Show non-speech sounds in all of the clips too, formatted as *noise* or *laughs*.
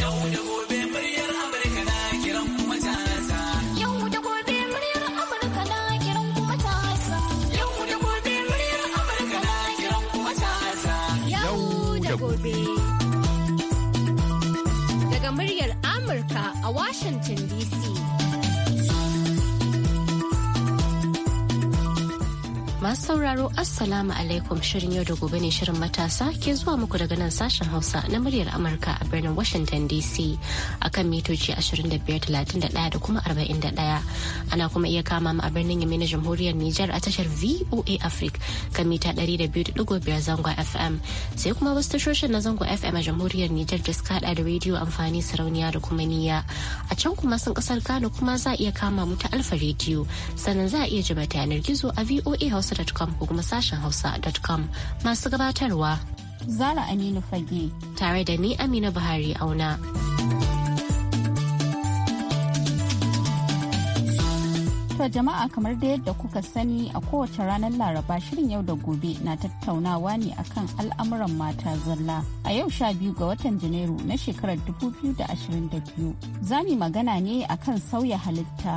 No, no. sauraro Assalamu alaikum shirin yau da gobe ne shirin matasa ke zuwa muku daga nan sashen Hausa na muryar Amurka a birnin Washington DC a kan mitoci 2531 da kuma 41. Ana kuma iya kama mu a birnin na Jamhuriyar Nijar a tashar VOA Africa kan mita 200.5 zangon FM. Sai kuma wasu tashoshin na zangon FM a Jamhuriyar Nijar da suka hada da rediyo amfani sarauniya da kuma niya. A can kuma sun kasar Kano kuma za a iya kama mu ta Alfa rediyo sannan za a iya jima ta yanar gizo a voa Hausa.com ko kuma sashen hausa.com masu gabatarwa. Zara Aminu Fage. Tare da ni Amina Buhari auna. ta jama'a kamar da yadda kuka sani a kowace ranar Laraba shirin yau da gobe na tattaunawa ne akan al'amuran mata zalla. A yau sha biyu ga watan Janairu na shekarar 2022 za mu magana ne akan sauya halitta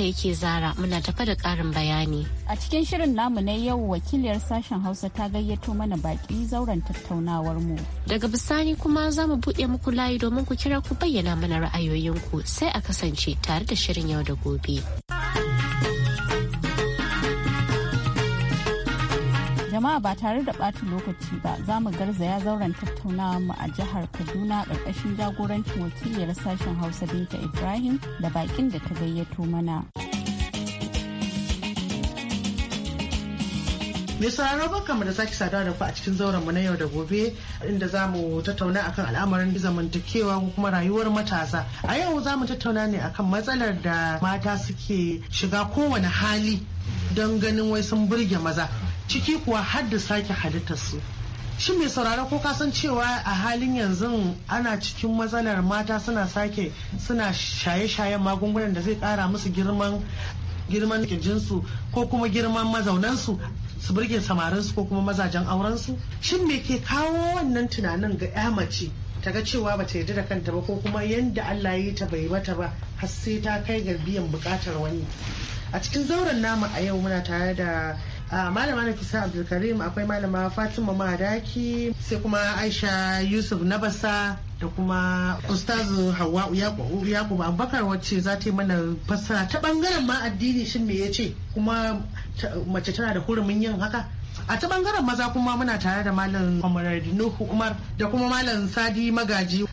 Haka yake zara muna tafa da ƙarin bayani. A cikin shirin namu na yau wakiliyar sashen Hausa ta gayyato mana baƙi zauren tattaunawar mu. Daga bisani kuma za mu buɗe muku layi domin ku kira ku bayyana mana ra'ayoyinku sai a kasance tare da shirin yau da gobe. Jama'a ba tare da ɓata lokaci ba za mu garzaya zauren tattaunawa mu a jihar Kaduna ƙarƙashin jagorancin wakiliyar sashen Hausa Binta Ibrahim da bakin da ta gayyato mana. Mai sauraro barkamu da sake saduwa da ku a cikin zauren mu na yau da gobe inda za mu tattauna akan al'amarin zamantakewa ko kuma rayuwar matasa. A yau za mu tattauna ne akan matsalar da mata suke shiga kowane hali don ganin wai sun burge maza. ciki kuwa har da sake halittar su shi mai sauraro ko kasan cewa a halin yanzu ana cikin matsalar mata suna sake suna shaye-shayen magungunan da zai kara musu girman girman kirjinsu ko kuma girman mazaunansu su burge samarinsu ko kuma mazajen aurensu shin me ke kawo wannan tunanin ga ya ta ga cewa bata yarda da kanta ba ko kuma yanda Allah ya yi ta bai mata ba har sai ta kai ga biyan bukatar wani a cikin zauren namu a yau muna tare da A malama na kisa abdulkarim akwai malama fatima madaki sai kuma aisha yusuf na basa da kuma ustazu hawa yakubu abubakar wacce za ta yi mana fassara ta bangaren ma addini shin me ya ce kuma mace tana da hurumin yin haka a ta bangaren maza kuma muna tare da malam kwamarar nuhu umar da kuma malam sadi magaji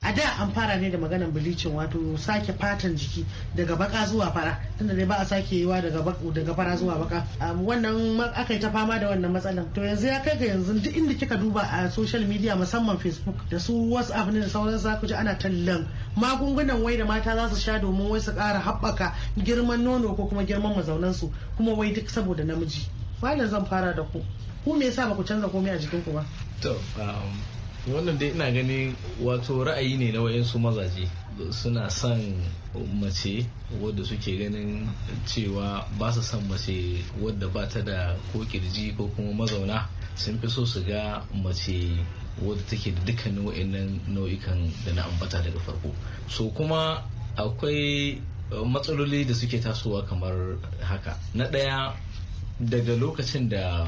a da an fara ne da maganan bilicin wato sake fatan jiki daga baka zuwa fara tunda dai ba a sake yiwa daga daga fara zuwa baka wannan aka yi ta fama da wannan matsalan to yanzu ya kai ga yanzu duk inda kika duba a social media musamman facebook da su whatsapp ne da sauran za ji ana tallan magungunan wai da mata za su sha domin wai su kara haɓaka girman nono ko kuma girman mazaunan su kuma wai duk saboda namiji malam zan fara da ku ku me yasa ba ku canza komai a jikin ku ba to um, wannan dai ina ganin wato ra'ayi ne na wayansu mazaje suna son mace wadda suke ganin cewa ba su son mace wadda ba ta da ko kirji ko kuma mazauna sun fi so su ga mace wadda take da dukkanin wa'annan nau'ikan da na ambata daga farko so kuma akwai matsaloli da suke tasowa kamar haka na ɗaya daga lokacin da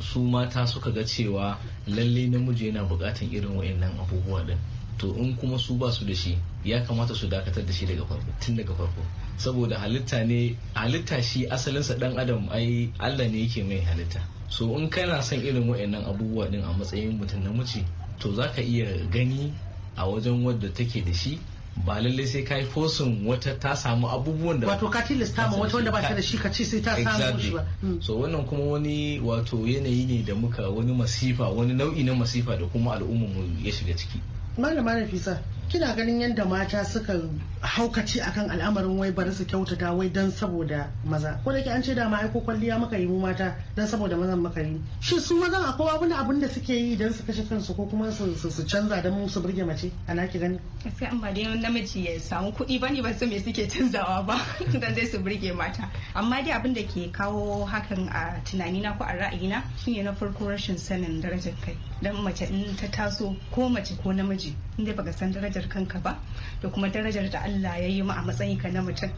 su mata suka ga cewa lalle namiji yana bukatan irin wa'annan abubuwa din to in kuma su ba su da shi ya kamata su dakatar da shi daga farko tun daga farko saboda halitta ne halitta shi asalinsa dan adam ai Allah ne yake mai halitta so in kana son irin wa'annan abubuwa din a matsayin mutum namiji to zaka iya gani a wajen wadda take da shi ba lallai sai kai fosin wata ta samu abubuwan da wato ka tilasta ma wata wanda ba ta da shi ka ci sai ta samu shi ba hmm. so wannan kuma wani wato yanayi ne da muka wani masifa wani nau'i na masifa da kuma al'ummar mu ya shiga ciki malama Fisa. kina ganin yadda mata suka haukaci akan al'amarin wai bari su kyautata wai dan saboda maza ko da ke an ce da aiko kwalliya muka yi mu mata dan saboda mazan muka yi shi su mazan akwai wani abin da suke yi idan su kashe kansu ko kuma su canza dan su burge mace ana ki gani gaskiya amma dai namiji ya samu kuɗi ni ba su me suke canzawa ba *laughs* dan zai su burge mata amma dai abin da ke kawo hakan a tunanina ko a ra'ayina shine na farko rashin sanin darajar kai dan mace in ta taso ko mace ko namiji in dai baka san darajar darajar kanka ba da kuma darajar da Allah ya yi mu a matsayin ka na mutum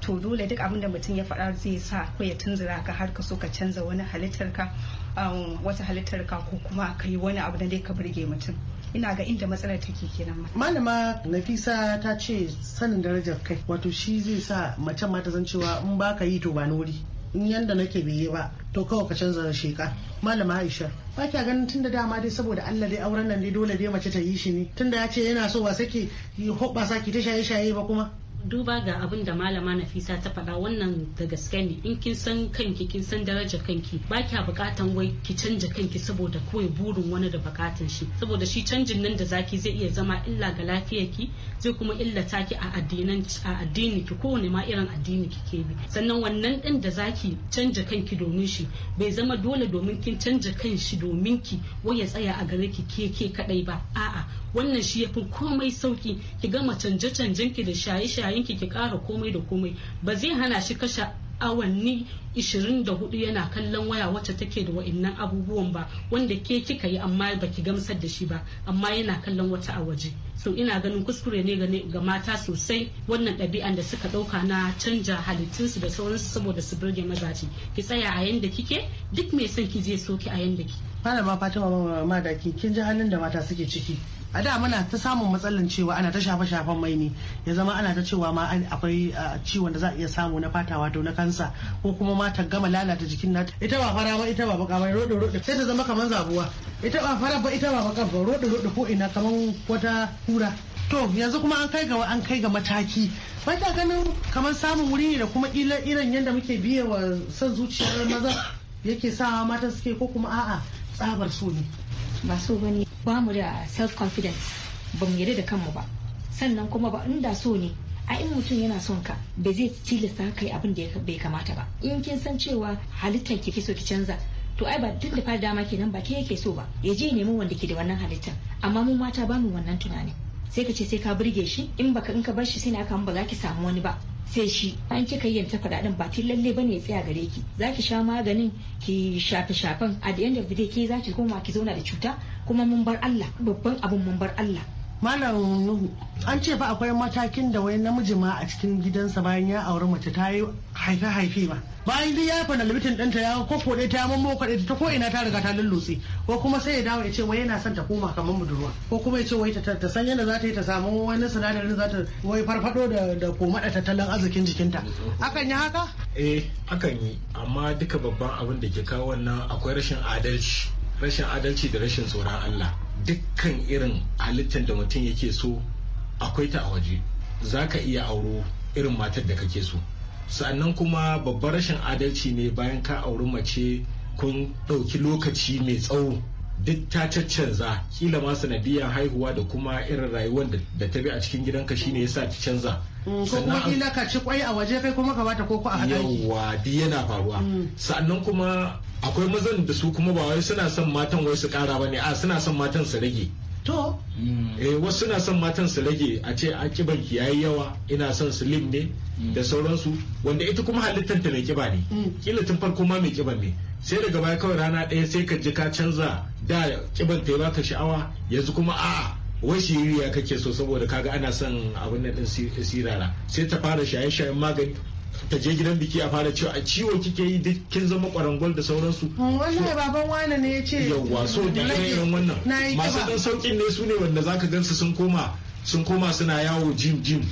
to dole duk abin da mutum ya faɗa zai sa ko ya tunzura ka har ka so ka canza wani halittar ka um, wata halittar ka ko kuma ka yi wani abu da dai ka burge mutum ina ga inda matsalar take kenan malama nafisa ta ce sanin darajar kai wato shi zai sa mace ma ta san cewa in baka yi to ba nori in yanda nake bai ba to kawai ka canza sheka malama aisha ba kya ganin tun da dama dai saboda Allah dai auren nan dai dole dai mace ta yi shi ne tun da ya ce yana so ba sake yi hoɓa ki ta shaye shaye ba kuma duba ga abin da malama nafisa ta faɗa wannan da gaske ne in kin san kanki kin san daraja kanki ba kya buƙatan wai ki canja kanki saboda kawai burin wani da bukatan shi saboda shi canjin nan da zaki zai iya zama illa ga lafiyarki zai kuma illata ki a addinan a addini ki kowane ma irin addini ke bi sannan wannan din da zaki canja kanki domin shi bai zama dole domin kin canja kanshi domin ki wai ya tsaya a gare ki ke ke kadai ba a'a wannan shi yafi komai sauki ki gama canje canjen ki da shaye shaye yayin ki kara komai da komai ba zai hana shi kashe awanni 24 yana kallon waya wacce take da wa'annan abubuwan ba wanda ke kika yi amma ba ki gamsar da shi ba amma yana kallon wata a waje so ina ganin kuskure ne ga mata sosai wannan ɗabi'an da suka ɗauka na canja halittunsu da sauransu saboda su burge mazaje ki tsaya a yanda kike duk mai son ki zai so ki a yanda ki malama fatima mama da kin ji halin da mata suke ciki a da muna ta samun matsalan cewa ana ta shafa shafan mai ne ya zama ana ta cewa ma akwai ciwon da za a iya samu na fata wato na kansa ko kuma ma ta gama lalata jikin nata ita ba fara ba ita ba baka ba rodo rodo sai ta zama kamar zabuwa ita ba fara ba ita ba baka ba rodo rodo ko ina kamar wata kura to yanzu kuma an kai ga an kai ga mataki ba ta ganin kamar samun wuri ne da kuma irin yadda muke biye wa son zuciyar maza yake sa mata suke ko kuma a'a tsabar su ne ba so bane ba mu da self confidence ba mu yarda da kanmu ba sannan kuma ba inda so ne a in mutum yana son ka ba zai tilasta kai abin da bai kamata ba in kin san cewa halittar ki ke so ki canza to ai ba tun da fara dama kenan ba ke yake so ba ya je nemi wanda ke da wannan halittar amma mu mata ba mu wannan tunanin sai ka ce sai ka burge shi in baka in ka bar shi sai na kan ba za ki samu wani ba sai shi an kika ta kuɗaɗen ba tun lalle bane ya tsaya gare ki za ki sha maganin ki shafe shafen a da yanda ke za ki koma ki zauna da cuta kuma mun bar Allah babban abun mun bar Allah malam nuhu an ce fa akwai matakin da wani namiji ma a cikin gidansa bayan ya auri mace ta yi haife haife ba bayan duk ya fana limitin ɗanta ya ko ta mammo kwaɗe ta ko ina ta riga ta lullutse ko kuma sai ya dawo ya ce wai yana son ta koma kamar budurwa ko kuma ya ce wai ta san yadda za ta yi ta samu wani sinadarin za ta wai farfado da da komaɗa tattalin arzikin jikinta akan yi haka eh akan yi amma duka babban abin da ke kawo wannan akwai rashin adalci rashin adalci da rashin tsoron Allah dukkan irin halittar da mutum yake so akwai ta a waje za ka iya auro irin matar da kake so sannan kuma babban rashin adalci ne bayan ka auri mace kun ɗauki lokaci mai tsawo duk ta caccanza kila ma sanadiyan haihuwa da kuma irin rayuwar da ta bi a cikin gidanka shine yasa ta canza mm, ko kuma kila ka ci kwai a waje kai kuma ka bata koko a hadari. yawa duk yana faruwa mm. sannan kuma akwai mazan da su kuma ba wai suna son matan wai su ba ne? a suna son matan su rage Mm. eh wasu na son matan su rage a ce a kiban ki yayi yawa ina son silim ne mm. da sauransu wanda ita kuma halittar ta mai kiba ne mm. kila tun farko ma mai kiban ne sai daga baya kawai rana ɗaya sai ka ji ka canza da kiban ta ya baka sha'awa yanzu kuma a'a wai ya kake so saboda kaga ana son abin nan din sirara sai ta fara shaye-shayen magani ta je gidan biki a fara cewa a ciwo kike yi duk kin zama kwarangol da sauransu hmm, wallahi baban wani ne ya ce yawwa so duk irin wannan masu dan saukin ne su ne wanda zaka gansu sun koma sun koma suna yawo jim jim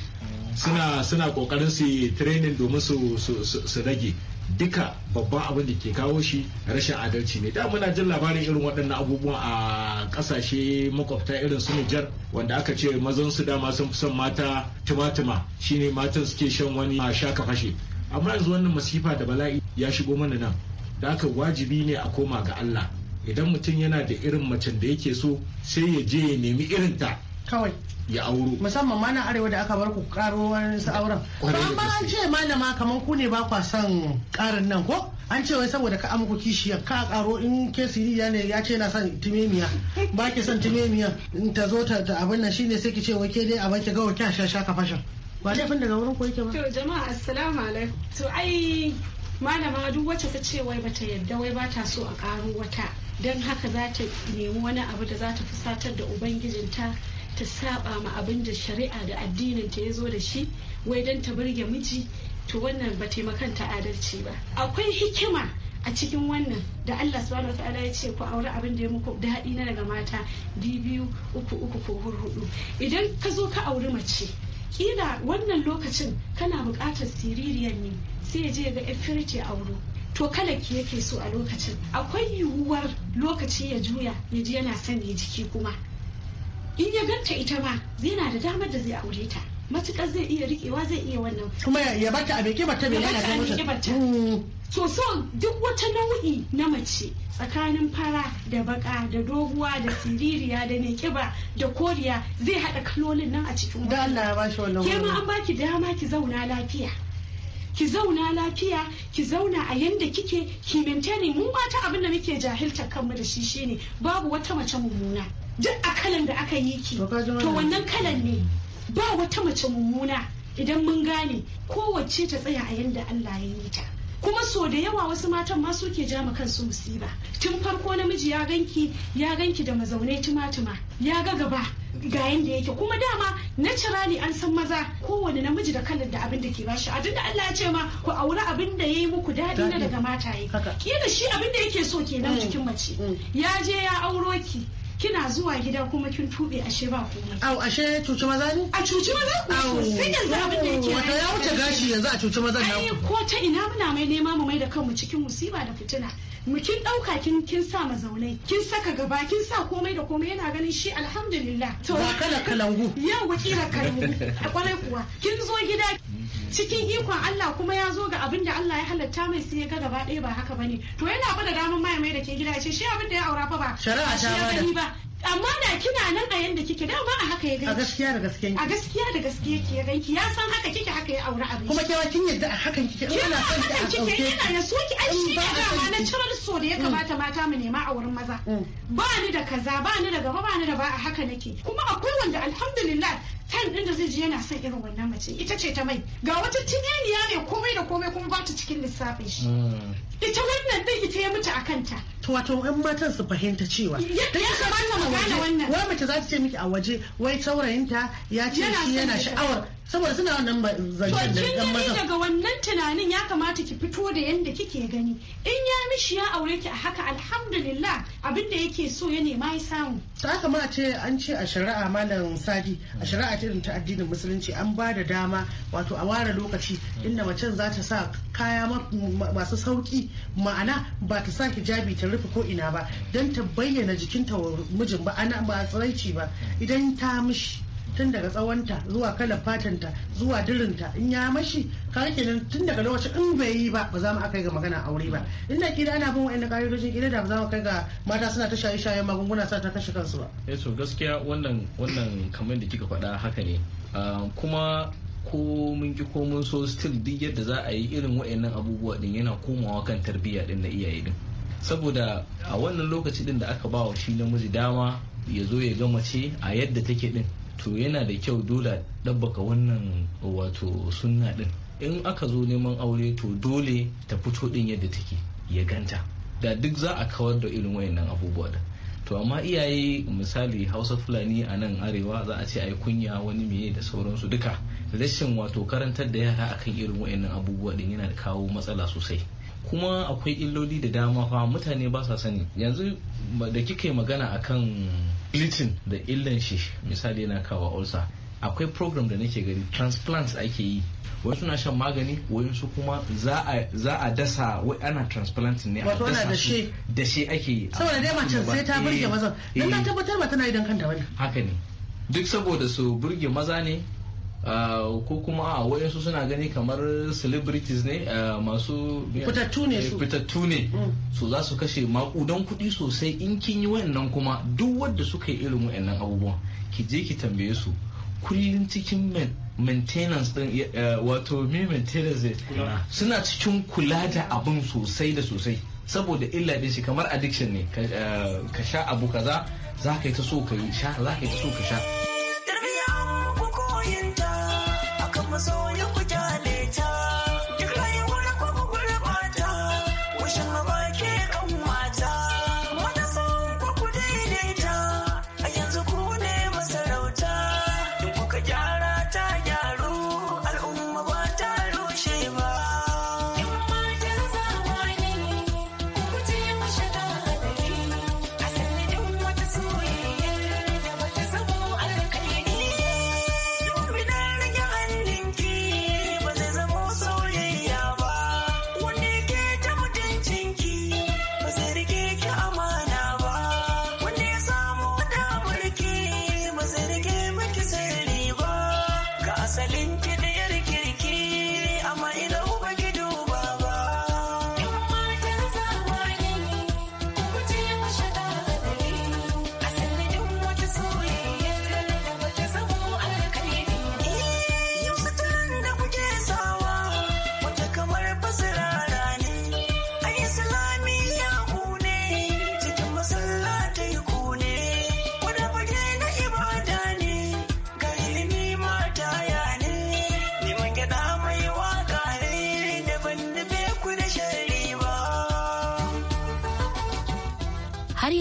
suna suna kokarin su training domin su su rage duka babban abin da ke kawo shi rashin adalci ne da muna jin labarin irin waɗannan abubuwan a ƙasashe makwabta irin su Nijar wanda aka ce mazan su dama sun fi son mata tumatuma shine matan suke shan wani shaka fashe amma yanzu wannan masifa da bala'i ya shigo mana nan da haka wajibi ne a koma ga Allah idan mutum yana da irin macen da yake so sai ya je ya nemi irin ta kawai ya auro musamman ma na arewa da aka bar ku karo wani auren ba an ce ma kamar ku ne ba kwa son karin nan ko an ce wai saboda ka kishi ya ka karo in ke ya ne ya ce na son timemiya ba ki son timemiya ta zo ta abin nan shine sai ki ce wai ke dai a ki gawa kya shasha ka fashin ba laifin daga wurin ko yake ba to jama'a assalamu alaikum to ai malama duk wacce ta ce wai bata yadda wai bata so a karo wata don haka za ta nemi wani abu da za ta fusatar da ubangijinta ta saba ma abin da shari'a da addinin ta ya zo da shi wai don ta birge miji to wannan ba taimakanta adalci ba akwai hikima a cikin wannan da Allah subhanahu wataala ya ce ku aure abin da ya muku daɗi na daga mata biyu uku uku ko hurhudu idan ka zo ka auri mace kila wannan lokacin kana buƙatar siririyar ne sai ya je ga firce a wuri to ki yake so a lokacin akwai yiwuwar lokaci ya juya ya ji yana ya jiki kuma in ya ganta ita ma yana da damar da zai aure ta matukar zai iya rikewa zai iya wannan kuma ya bata a beke bata bai yana ga so so duk wata nau'i na mace tsakanin fara da baka da doguwa da siririya da mai kiba da koriya zai haɗa kalolin nan a cikin wani ke ma an baki dama ki zauna lafiya ki zauna lafiya ki zauna a yanda kike ki mintani mun mata abin da muke jahilta kanmu da shi shine babu wata mace mummuna duk a kalan da aka yi ki to wannan kalan ne ba wata mace mummuna idan mun gane kowacce ta tsaya a yanda Allah ya yi ta kuma so da yawa wasu matan ma suke ja ma kansu musiba tun farko namiji ya ganki ya ganki da mazaunai tumatuma ya ga gaba ga yanda yake kuma dama na cira ne an san maza kowane namiji da kalar da abin da ke bashi a da Allah ya ce ma ku aure abin da yayi muku daɗi na daga mata yi kila shi abin da yake so kenan mm. cikin mace mm. ya je ya auro ki kina zuwa gida kuma kin tube ashe ba komai au ashe cuci maza ne a cuci maza ko sai yanzu abin da yake wata ya wuce gashi yanzu a cuci maza ne ko ta ina muna mai nema mu mai da kanmu cikin musiba da fitina mu kin dauka kin kin sa mazaunai kin saka gaba kin sa komai da komai yana ganin shi alhamdulillah to ba kala kalangu yawa kira kalangu *laughs* a kwarai kuwa kin zo gida cikin ikon Allah kuma ya zo ga abin da Allah ya halatta mai sai ya ga gaba ɗaya ba haka bane to yana da damar mai mai da ke gida ce shi abin da ya aura fa ba shari'a ta ba amma da kina nan a yanda kike dama a haka ya ganki a gaskiya da gaske a gaskiya da gaske yake ganki ya san haka kike haka ya aure abin kuma kewa kin yadda a hakan kike in ana son ki a kike yana ya so ki ai shi ne dama na cirar so da ya mm. kamata mata mu nema a wurin maza mm. ba ni da kaza ba ni da gaba ba ni da ba a haka nake kuma akwai wanda alhamdulillah kan ɗin da zai ji yana son irin wannan mace ita ce ta mai ga wata tiniya ne komai da komai kuma ba ta cikin lissafin shi hmm. ita wannan din ita ya mutu a kanta wato yan matan su fahimta cewa da ya kamata mu gane wannan wai mace za ta ce miki a waje wai saurayinta ya ce shi yana sha'awar saboda suna wannan zancen da kan maza daga wannan tunanin ya kamata ki fito da yanda kike gani in ya mishi ya aure ki a haka alhamdulillah abin da yake so ya nema ya samu ta kamata ce an ce a shari'a malam sadi a shari'a ta irin ta addinin musulunci an ba da dama wato a ware lokaci inda macen za ta sa kaya masu sauki ma'ana ba ta sa hijabi ta rufe ko ina ba don ta bayyana jikinta wa mijin ba ana ba ba idan ta mishi tun daga tsawonta zuwa kalar fatanta zuwa dirinta in ya mashi kare kenan tun daga lokacin in bai yi ba ba za mu akai ga magana aure ba inda kila ana bin wa'annan ƙa'idojin gida da ba za mu kai ga mata suna ta shaye-shayen magunguna sa ta kashe kansu ba. eh gaskiya wannan wannan kamar da kika faɗa haka ne ah, kuma ko mun ki ko mun so still duk yadda za a yi irin wa'annan abubuwa din yana komawa kan tarbiyya din na iyaye din saboda a wannan lokaci din da aka ba wa shi namiji dama ya zo ya ga mace a yadda take din to yana da kyau dole ɗabbaka wannan wato sunna ɗin in aka zo neman aure to dole ta fito ɗin yadda take ya ganta da duk za a kawar da irin wayannan abubuwa da to amma iyaye misali hausa fulani a nan arewa za a ce a yi kunya wani meye da sauransu duka rashin wato karantar da yara akan irin wayannan abubuwa din yana kawo matsala sosai kuma akwai illoli da dama fa mutane ba sa sani yanzu da kika yi magana akan bleaching da illan shi misali yana kawo ulcer akwai program da nake gani transplants ake yi wasu na shan magani wayansu kuma za a dasa wai ana transplant ne a dasa su da shi ake yi saboda dai macen sai ta burge eh, maza dan ta eh. tabbatar ba tana yi dan kanta wani. haka ne duk saboda su burge maza ne Ah, ko kuma a ah, wayansu suna gani kamar celebrities ne ah, masu fitattu ne eh, su mm. za su kashe makudan kuɗi sosai in kin yi wayannan kuma duk wadda suka yi irin wayannan abubuwa ki je ki tambaye su kullum cikin maintenance din eh, wato me maintenance suna cikin kula da abin sosai da sosai saboda illa din shi kamar addiction ne eh, ka sha abu kaza za ka yi ta so ka sha za ka yi ta so ka sha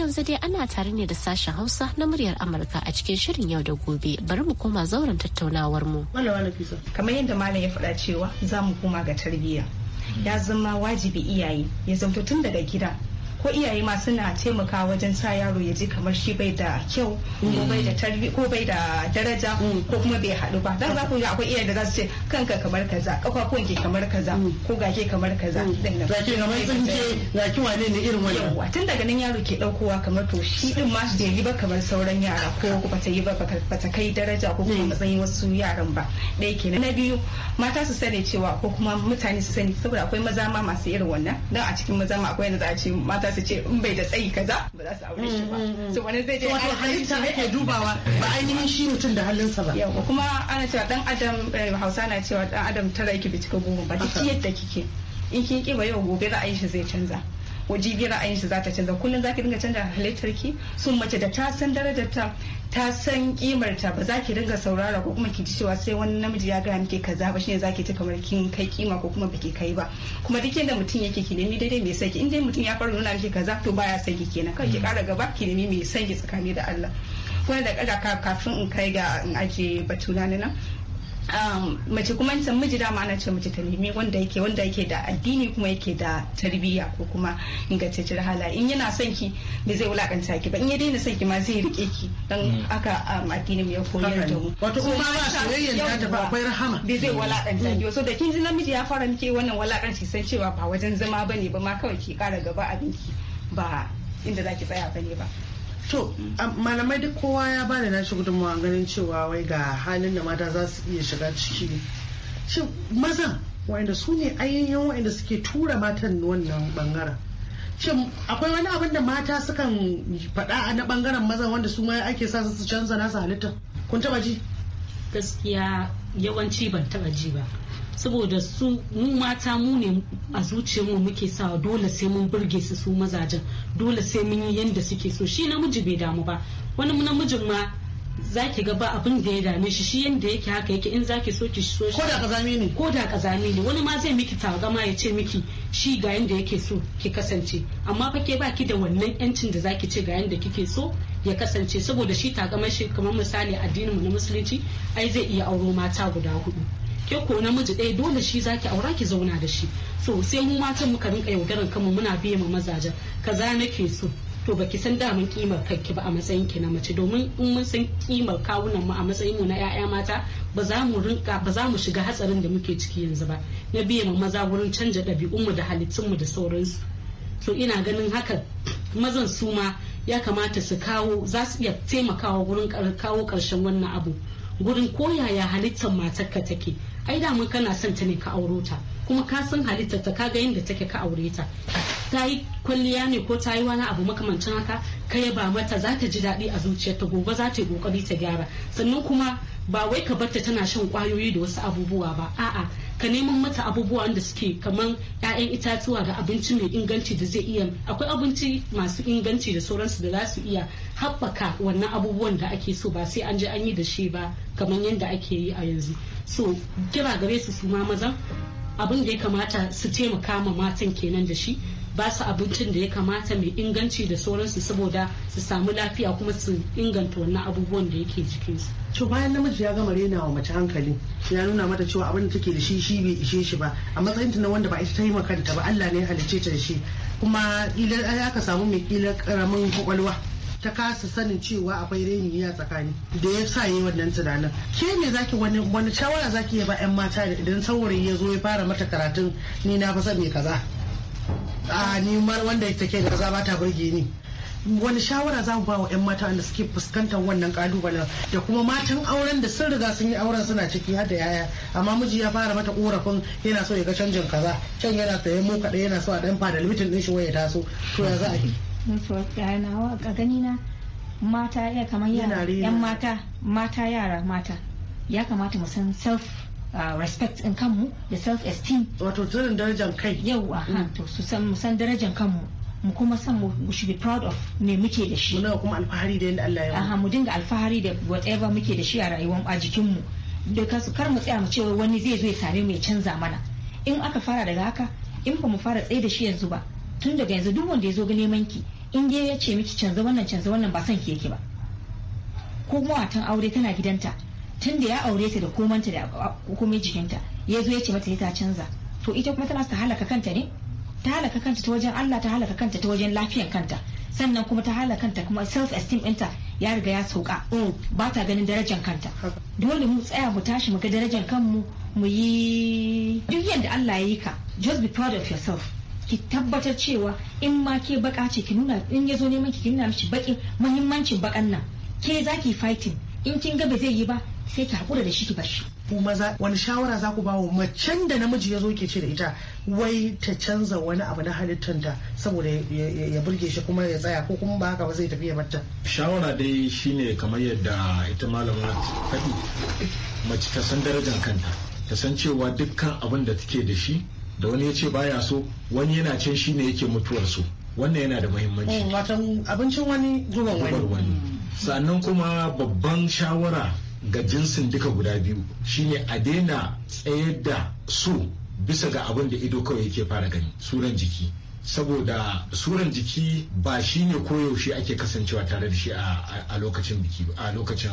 yanzu dai ana tare ne da sashen Hausa na muryar Amurka a cikin shirin yau da gobe. Bari mu koma zauren tattaunawar mu. Kamar yadda malam ya faɗa cewa za mu koma ga tarbiyya. ya zama wajibi iyaye ya zamto tun daga gida ko iyaye ma suna taimaka wajen sa yaro ya ji kamar shi bai da kyau ko mm. bai da tarbi ko bai da daraja mm. ko kuma bai haɗu ba dan za ku ga akwai iyaye da za su ce kanka kamar kaza kafafuwan mm. ke kamar kaza ko gake kamar kaza din nan zaki tsinke zaki wane ne irin wannan tun daga nan yaro ke daukowa kamar to shi din ma ya yi ba kamar sauran yara ko ba ta yi ba ba ta kai daraja ko kuma matsayin wasu yaran ba ɗaya kenan na biyu mata su sani cewa ko kuma mutane su sani saboda akwai maza ma masu irin wannan dan a cikin maza ma akwai yadda za a ce mata su ce in bai da tsayi kaza ba za su aure shi ba mm, mm, mm. so wani zai je wato ta ake dubawa ba ainihin shi mutum da halin sa ba yawa kuma ana cewa dan adam eh, hausa na cewa dan adam tara yake bi cika goma ba duk yadda kike in kin kiba yau gobe ra'ayin shi zai canza wajibi ra'ayin shi za ta canza kullum za ki dinga canza halittar ki sun mace da ta san darajar ta ta san kimar ta ba za ki dinga saurara ko kuma ki ji cewa sai wani namiji ya gaya miki kaza ba shine zaki ci kamar kin kai kima ko kuma baki kai ba kuma duk yadda mutum yake ki nemi daidai mai sanki in dai mutum ya fara nuna miki kaza to baya sanki kenan kai ki kara gaba ki nemi mai sanki tsakani da Allah kuma da kada kafin in kai ga in aje batuna na nan Um, mace kuma san miji dama ana ce mace ta nemi wanda yake wanda yake da addini kuma yake da tarbiyya ko kuma ingantacciyar halaye in yana son ki ba zai wulakanta ki ba in ya daina son ki ma zai rike ki dan hmm. aka um, addini mu ya koyar da mu wato kuma ba soyayya da ba akwai rahama ba zai hmm. wulakanta ki hmm. so da kin ji namiji ya fara miki wannan wulakanci san cewa ba wajen zama bane ba ma kawai ki kara gaba abinki ba inda zaki tsaya bane ba to mm. malamai duk kowa ya bada nashi gudunmawa ganin cewa wai ga halin da mata za su iya shiga ciki shin mazan wanda su ne ayyukan wanda suke tura matan wannan bangaren shin akwai wani abin da mata sukan faɗa a na bangaren maza wanda su ma ake sa su canza nasu halitta kun taba ji gaskiya yawanci ban taba ji ba saboda su mu mata mu ne a mu muke sawa dole sai mun burge su su mazajen dole sai mun yi yanda suke so shi namiji bai damu ba wani namijin ma zaki ga ba abin da ya dame shi shi yanda yake haka yake in zaki so ki so shi ko da kazami ne ko da kazami ne wani ma zai miki tagama ya ce miki shi ga yanda yake so ki kasance amma fa ke baki da wannan yancin da zaki ce ga yanda kike so ya kasance saboda shi tagamar shi kamar misali addinin mu na musulunci ai zai iya auro mata guda hudu ke ko namiji ɗaya dole shi zaki aura ki zauna da shi so sai mu matan muka rinka yaudaran kanmu muna biye ma mazajen kaza nake so to baki san daman kimar kanki ba a matsayin ki na mace domin in mun san kimar kawunan mu a matsayin mu na ƴaƴa mata ba za mu rinka ba za mu shiga hatsarin da muke ciki yanzu ba na biye ma maza wurin canja ɗabi'un mu da halittun mu da sauransu to ina ganin haka mazan su ma ya kamata su kawo za su iya taimakawa wurin kawo ƙarshen wannan abu gurin koyaya halittar matarka take ai da mun kana son ta ne ka auro ta kuma ka san halittar ta kaga yadda take ka aure ta ta yi kwalliya ne ko ta yi wani abu makamancin haka ka yaba mata za ta ji daɗi a zuciyarta gobe za ta yi kokari ta gyara sannan kuma ba wai ka barta tana shan kwayoyi da wasu abubuwa ba a'a ka neman mata abubuwan da suke kamar 'ya'yan itatuwa da abinci mai inganci da zai iya akwai abinci masu inganci da sauransu da za su iya haɓaka wannan abubuwan da ake so ba sai an je an yi da shi ba kamar yadda ake yi a yanzu so kira gare su su ma mazan abin da ya kamata su taimaka ma matan kenan da shi ba su abincin da ya kamata mai inganci da sauransu saboda su samu lafiya kuma su inganta wannan abubuwan da yake jikinsu. to bayan namiji ya gama rena wa mace hankali ya nuna mata cewa abin da take da shi shi bai ishe shi ba a matsayin ta na wanda ba ita ta yi kanta ba Allah ne ya halicce ta da shi kuma ya aka samu mai kila karamin kwakwalwa ta kasa sanin cewa akwai reni ya tsakani da ya sa yi wannan tunanin ke ne zaki wani wani shawara zaki ya ba yan mata da idan saurayi ya zo ya fara mata karatun ni na fasa mai kaza a ni wanda wanda take kaza ba ta burge ni wani shawara za mu ba wa 'yan mata wanda suke fuskantar wannan kalubalen da kuma matan auren da sun riga sun yi auren suna ciki har da yaya amma miji ya fara mata korafin yana so ya ga canjin kaza can yana sayan mu kaɗai yana so a ɗan fada limitin ɗin shi waya taso to ya za a yi network ya a gani na mata ya kamar yara yan mata mata yara mata ya kamata mu san self uh, respect in kanmu da self esteem wato sanin darajar kai yau a mm. to su san mu san darajar kanmu mu kuma san mu should be proud of me muke da shi muna kuma alfahari da yadda Allah ya aha mu dinga alfahari da whatever muke da shi a rayuwar a jikin mu da kasu kar mu tsaya mu ce wani zai zo ya same mu ya canza mana in aka fara daga haka in ba mu fara tsaye da shi yanzu ba tun daga yanzu duk wanda ya zo ga neman ki in dai ya ce miki canza wannan canza wannan ba son ki ba ko matan aure tana gidanta tun da ya aure ta da komanta da komai jikinta ya zo ya ce mata ta canza to ita kuma tana ta halaka kanta ne ta halaka kanta ta wajen Allah ta halaka kanta ta wajen lafiyan kanta sannan kuma ta halaka kanta kuma self esteem ɗinta ya riga ya sauka mm, ba ta ganin darajar kanta dole mu tsaya mu tashi mu ga darajar kanmu mu yi duk yadda Allah ya yi ka just be proud of yourself ki tabbatar cewa in ma ke baka ce ki nuna in yazo zo neman ki nuna mishi baki muhimmancin bakan nan ke zaki ki fighting in kin ga ba zai yi ba sai ki hakura da shi ki shi ku maza wani shawara za ku bawa macen da namiji ya zo ke ce da ita wai ta canza wani abu na halittanta saboda ya burge shi kuma ya tsaya ko kuma ba haka ba zai tafi ya batta shawara dai shine kamar yadda ita malama faɗi mace ta san darajar kanta ta san cewa dukkan abin da take da shi da wani ya ce baya so wani yana can shine yake mutuwar su wannan yana da muhimmanci eh, watan abincin wani zuwan wani sannan kuma babban shawara ga jinsin duka guda biyu shine a daina tsayar da su bisa ga abin da ido kawai yake fara gani suran jiki saboda suran jiki ba shi ne koyaushe ake kasancewa tare da shi a lokacin biki a lokacin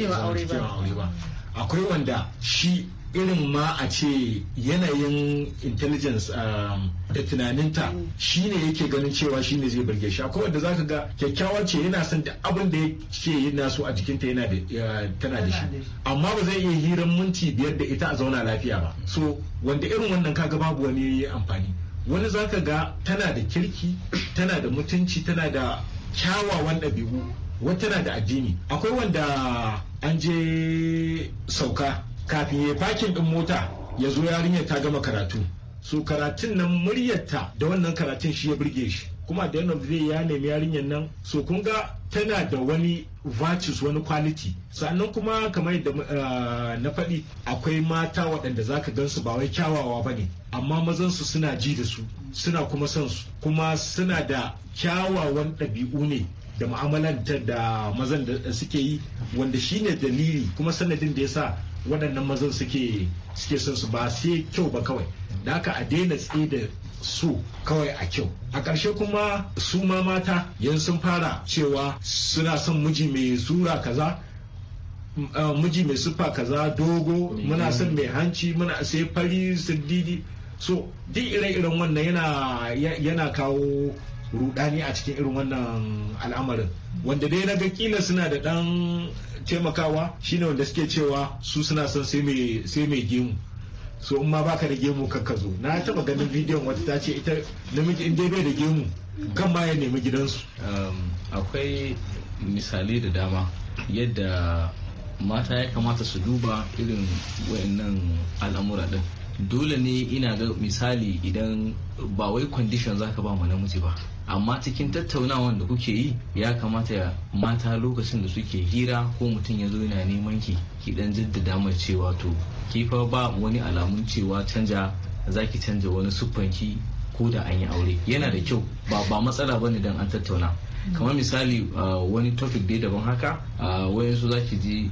aure ba akwai wanda shi irin ma a ce yanayin intelligence um, da tunaninta mm. shi ne yake ganin cewa shi ne zai burge shi akwai wanda ka ga kyakkyawar ce yana son da abin da yake yana so a jikinta yana da tana da shi amma ba zai iya hirar minti biyar da ita a zauna lafiya ba so wanda irin wannan kaga babu wani amfani wani zaka ga tana da kirki tana da mutunci tana da kyawawan ɗabi'u wata tana da addini akwai wanda an je sauka kafin ya fakin ɗin mota ya zo yarinyar ta gama karatu su karatun nan muryarta da wannan karatun shi ya burge shi kuma da yanar zai ya nemi yarinyar nan so kun ga tana da wani virtues wani quality sannan kuma kamar yadda ah, na faɗi akwai mata waɗanda za ka su ba wai kyawawa ba ne amma mazan su suna ji da su suna kuma son su kuma suna da kyawawan ɗabi'u ne da mu'amalantar da mazan da suke yi wanda shine dalili kuma sanadin da ya sa waɗannan mazan suke suke son su ba sai kyau ba kawai da haka a daina tsaye da su kawai a kyau a ƙarshe kuma su ma mata yanzu sun fara cewa suna son miji mai zura kaza miji mai siffa kaza dogo muna son mai hanci muna sai fari siddidi so duk ire-iren wannan yana kawo rudani a cikin irin wannan al'amarin wanda dai naga kila suna da dan taimakawa shine wanda suke cewa su suna son sai mai gemu su in ma baka da gemu kakka zo na taba ganin bidiyon wata ta ce ita namiji in dai bai da gemu kan ma ya nemi gidansu um, akwai misali da dama yadda mata ya kamata su duba irin wayannan al'amura din dole ne ina ga misali idan ba wai condition zaka ba ma namiji ba amma cikin tattaunawan da kuke yi ya kamata ya mata lokacin da suke hira ko mutum ya zo yana neman ki ki dan jaddada mai cewa to ki fa ba wani alamun cewa canja ki canja wani siffanki ko da an yi aure yana da kyau ba ba matsala ba ne dan an tattauna kamar misali ah, wani topic dai daban haka ah, wayansu za ki ji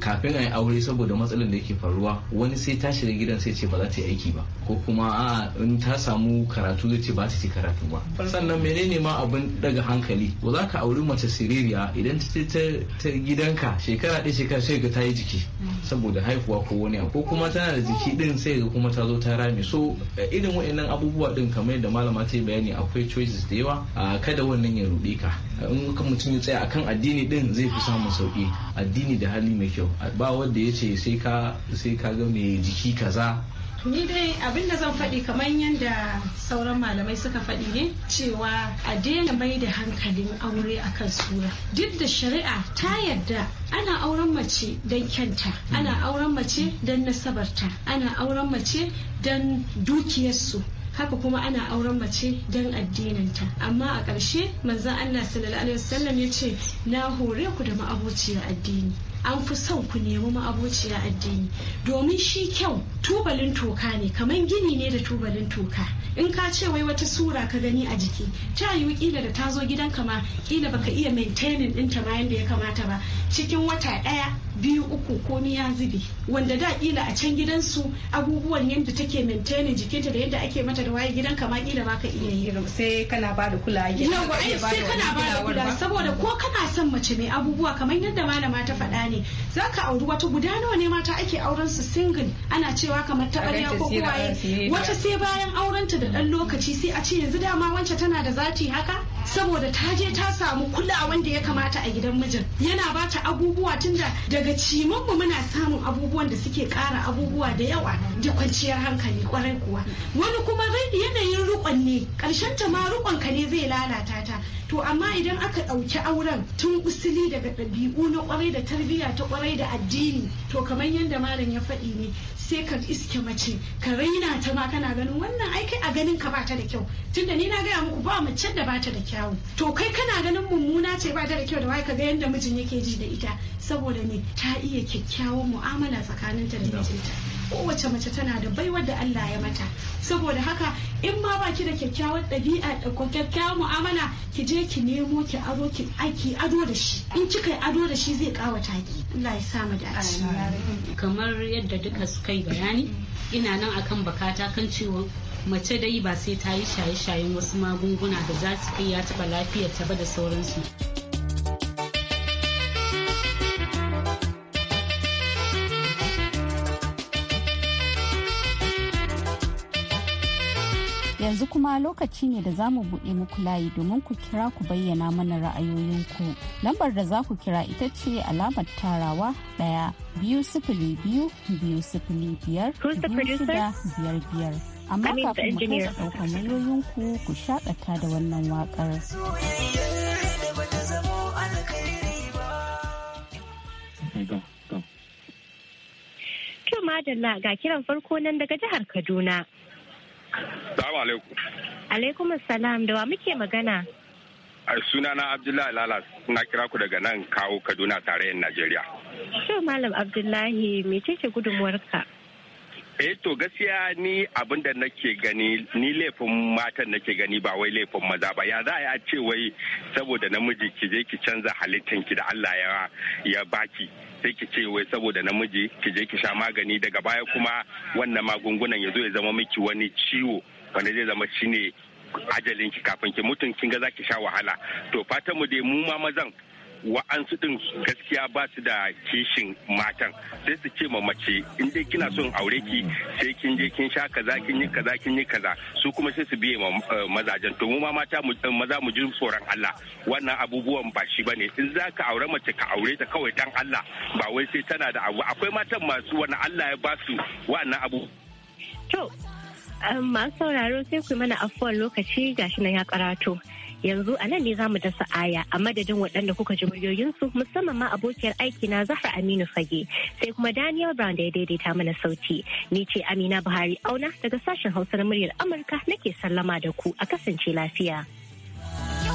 kafin a yi aure saboda matsalar da yake faruwa wani sai ta shiga gidan sai ce ba za ta yi aiki ba ko kuma a in ta samu karatu zai ce ba ta ci karatu ba sannan menene ma abin daga hankali ba za ka auri mace siririya idan ta ta gidanka shekara ɗaya shekara sai ga ta yi jiki saboda haihuwa ko wani abu ko kuma tana da jiki ɗin sai ga kuma ta zo ta rame so irin waɗannan abubuwa din kamar yadda malama ta yi bayani akwai choices da yawa kada wannan ya ruɗe ka in ka mutum ya tsaya akan addini din zai fi samun sauki addini da hali mai kyau ba wanda ya ce sai ka ka ga mai jiki kaza ni dai abin da zan faɗi kamar yadda sauran malamai suka faɗi ne cewa a daina mai da hankalin aure akan sura duk da shari'a ta yarda ana auren mace don kyanta ana auren mace don nasabarta ana auren mace don dukiyarsu haka kuma ana auren mace don addininta amma a ƙarshe manzon Allah sallallahu alaihi wasallam ya ce na hore ku da ma'abociya addini an fi son ku nemi ma'abociya addini domin shi kyau tubalin toka ne kamar gini ne da tubalin toka in ka ce wai wata sura ka gani a jiki ta yiwu kila da ta zo gidanka ma kila baka iya maintaining ɗinta ma yadda ya kamata ba cikin wata ɗaya biyu uku komi ya zube wanda da kila a can gidansu abubuwan yadda take maintaini jikinta da yadda ake mata da waye gidan kama kila ma ka iya yi sai kana ba da kula yawa ai sai kana ba da kula saboda ko kana son mace mai abubuwa kamar yadda malama ta faɗa ne zaka auri wata guda nawa ne mata ake auren su single ana cewa kamar ta ko kuwaye wata sai bayan aurenta da dan lokaci sai a ce yanzu dama wancan tana da zati haka saboda ta je ta samu kulawan da ya kamata a gidan mijin yana ba ta abubuwa tunda daga cimin mu muna samun abubuwan da suke kara abubuwa da yawa da kwanciyar hankali kwarai kuwa wani kuma yanayin rukon ne karshen ta ma rukon ka ne zai lalata ta to amma idan aka ɗauki auren tun usuli daga ɗabi'u na kwarai da tarbiyya ta kwarai da addini to kamar yadda malam ya faɗi ne sai ka iske mace ka raina ta ma kana ganin wannan ai kai a ganin ka bata da kyau tunda ni na gaya muku ba mace da bata da kyau. to kai kana ganin mummuna ce bata da kyau da wai ka ga yadda mijin yake ji da ita saboda ne ta iya kyakkyawan mu'amala tsakaninta da mijinta kowace mace tana da baiwar da Allah ya mata saboda haka in ma baki da kyakkyawar ɗabi'a da kyakkyawar mu'amala ki je ki nemo ki aro ki aiki ado da shi in kika yi ado da shi zai kawata ki Allah ya sa mu da kamar yadda duka suka yi bayani ina nan akan bakata kan cewa mace dai ba sai ta yi shaye-shayen wasu magunguna da za su kai ya taɓa lafiyar ta ba da sauransu. yanzu kuma lokaci ne da za mu buɗe muku layi domin ku kira ku bayyana mana ra'ayoyinku. Lambar da za ku kira ita ce alamar tarawa ɗaya biyu sifili biyu biyu sifili biyar biyar biyar. Amma kafin mu kai ɗaukar wayoyinku ku shaƙata da wannan waƙar. To madalla ga kiran farko nan daga jihar Kaduna. Salamu alaikum. Alaikum salam da wa muke magana? A suna na Abdullahi Lalas na kira ku daga nan kawo Kaduna tarayyar Najeriya. Shin Malam Abdullahi me ce mecece gudunmuwarka? eh to gaskiya ni abin da nake gani ni laifin matan nake gani ba wai laifin maza ba ya za a ce wai saboda namiji ki je ki canza halittanki da Allah ya baki sai ki ce wai saboda namiji ki je ki sha magani daga baya kuma wannan magungunan ya zo ya zama miki wani ciwo wanda zai zama shine ajalin ki kafin ki mutun kin ga zaki sha wahala to fatan mu dai mu ma mazan wa'ansu din gaskiya ba su da kishin matan sai su ce ma mace in dai kina son aure ki sai kin je kin sha kaza kin yi kaza kin yi kaza su kuma sai su biye ma eh, mazajen to mu ma mata eh, maza mu ji tsoron Allah wannan abubuwan ba shi bane in za ka aure mace ka aure ta kawai dan Allah ba wai sai tana da abu akwai matan masu wani Allah ya ba su wannan abu to eh, masu sauraro sai ku mana afuwar lokaci gashi nan ya karato yanzu a nan ne za mu dasa aya a madadin waɗanda kuka ji muryoyinsu musamman ma abokiyar aiki na zahra aminu fage sai kuma daniel brown da ya daidaita mana sauti ni ce amina buhari auna daga sashen hausa na muryar amurka nake sallama da ku a kasance lafiya.